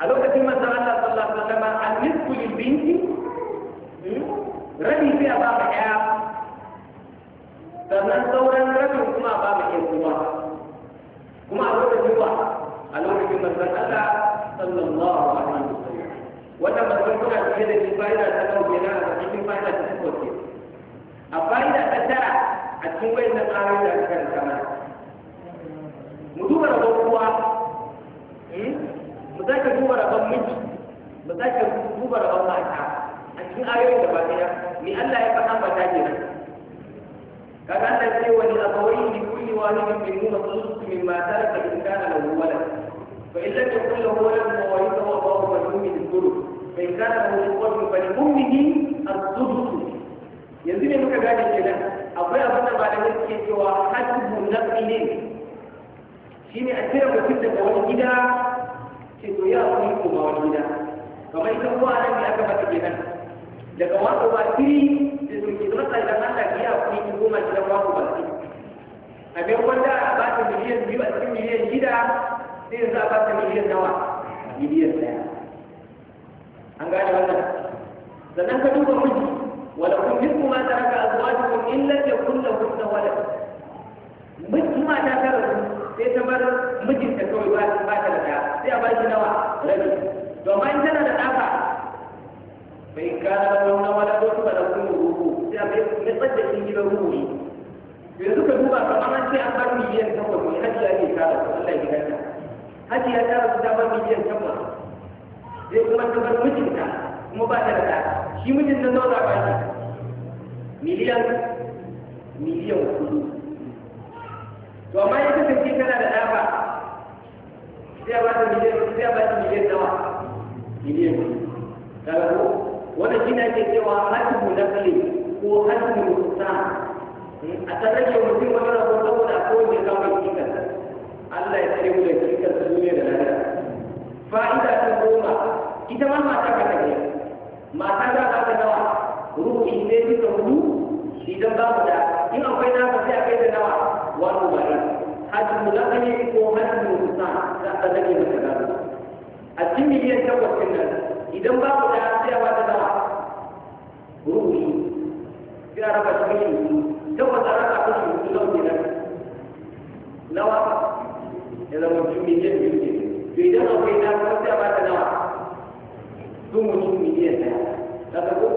a lokacin masa Allah sallallahu alaihi wasallam an-nisfu lil binti hmm? rabi sai a ba ma ɗaya sannan sauran rabin kuma ba ma ke kuma ومع الوضع في الوحر الوحر في مثل أدى صلى الله عليه وسلم وتم تقولون أن هذا الفائدة تقوم بناء وكيف الفائدة تقوم بناء الفائدة تتاع أتكون بين القارئة لكي الكمال مدوبة ربوة مدوبة ربوة ربوة مدوبة مدايك مدوبة ربوة مدوبة أنتم آيوا جبابية من أن لا يفقى متاجرا كان أنت سيوا للأطوين لكل والد من مدوبة مما ترك إن كان له ولد فإن لم يكن له ولد فوالده الله فلأمه الثلث فإن كان له إخوان فلأمه الثلث يزيد لك بهذا الكلام أبويا بنا بعد ذلك يسوى حسب نفسه شيني أسرع وكتب فوالده يسوى يا أخيك فوالده كما يكون هو أنا في أكبر كبيرا لكن واقع واسري يسوى كدرسة يا أخيك هو a wanda da a ta miliyan biyu a cikin miliyan gida sai yanzu a ta miliyan nawa miliyan daya an gane wannan sannan ka duba miji wala kun nisfu ma taraka kun illa kunna kunna wala miji ma ta tara sai ta bar mijinta kawai ba ta da sai a ba shi nawa rabi to amma in tana da dafa bai kana da wannan wala ko ba da kuma ruhu sai a bai mai tsaddakin gidan ruhu ne yanzu ka duba kamar an ce an bar miliyan takwas ne hajji ya ke tara su Allah ya ganta hajji ya tara su ta bar miliyan takwas zai kuma ta bar mijinta kuma ba ta da shi mijin ta zauna ba shi miliyan miliyan kudu to amma ya kasance tana da ɗaba sai a ba ta miliyan sai a ba ta miliyan nawa miliyan kudu kaga ko wannan shi ne ake cewa hajji mu nakali ko hajji mu sa a ta rage mutum wani rabo saboda a kowace kawai cikin Allah ya tsare mu da cikin duniya da lafiya fa'ida ta goma ita ma mata ka take mata za ka ta nawa ruhi ne duka hudu idan ba mu da in akwai na ka sai a kai da nawa wani bari hajji mulakani ko hajji musa za ka zage mata gado a cikin miliyan takwas ɗin nan idan mu da sai a ba bata nawa ruhi sai a raba cikin yanzu yawan da rana ta shi kusa ne nan nawa ya zama mutum miliyan biyu ne to idan akwai na kuma sai ba ta nawa sun mutum miliyan ɗaya ta ga ko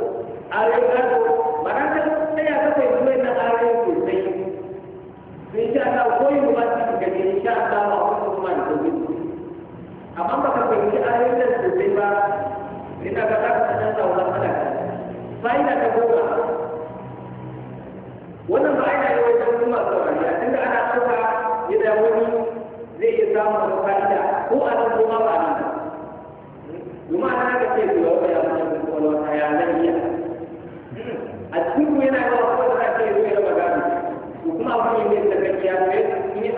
arewa ta ko ba na ta ya ta yi zuwa na arewa sosai sai ta ta yi mu ba su ga ne sha ta ba ko kuma da zuwa amma ba ka fahimci arewa sosai ba ina ka ta ta ta wala fa'ida ta goma wannan ba yana yawan tabbin da a tunda ana ɗauka yana wani zai iya samun wata fa'ida ko a ba nan ce ya mutum da kwalwata ya zan iya a cikin ku yana yana kuma da kakkiya in a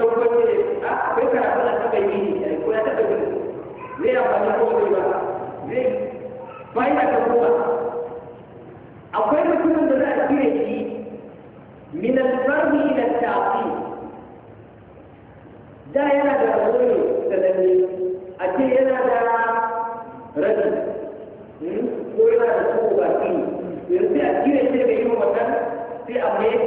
ah, akwai eh, ko ya taɓa yi zai ko ba zai fa'ida ta kuma akwai mutumin da za a cire shi من الفرد الى التعقيد دا يانا دا اغوري تدني اتي يانا دا رجل قولنا رسول باكين يرسي اتي يسير بيهو مثلا في امريك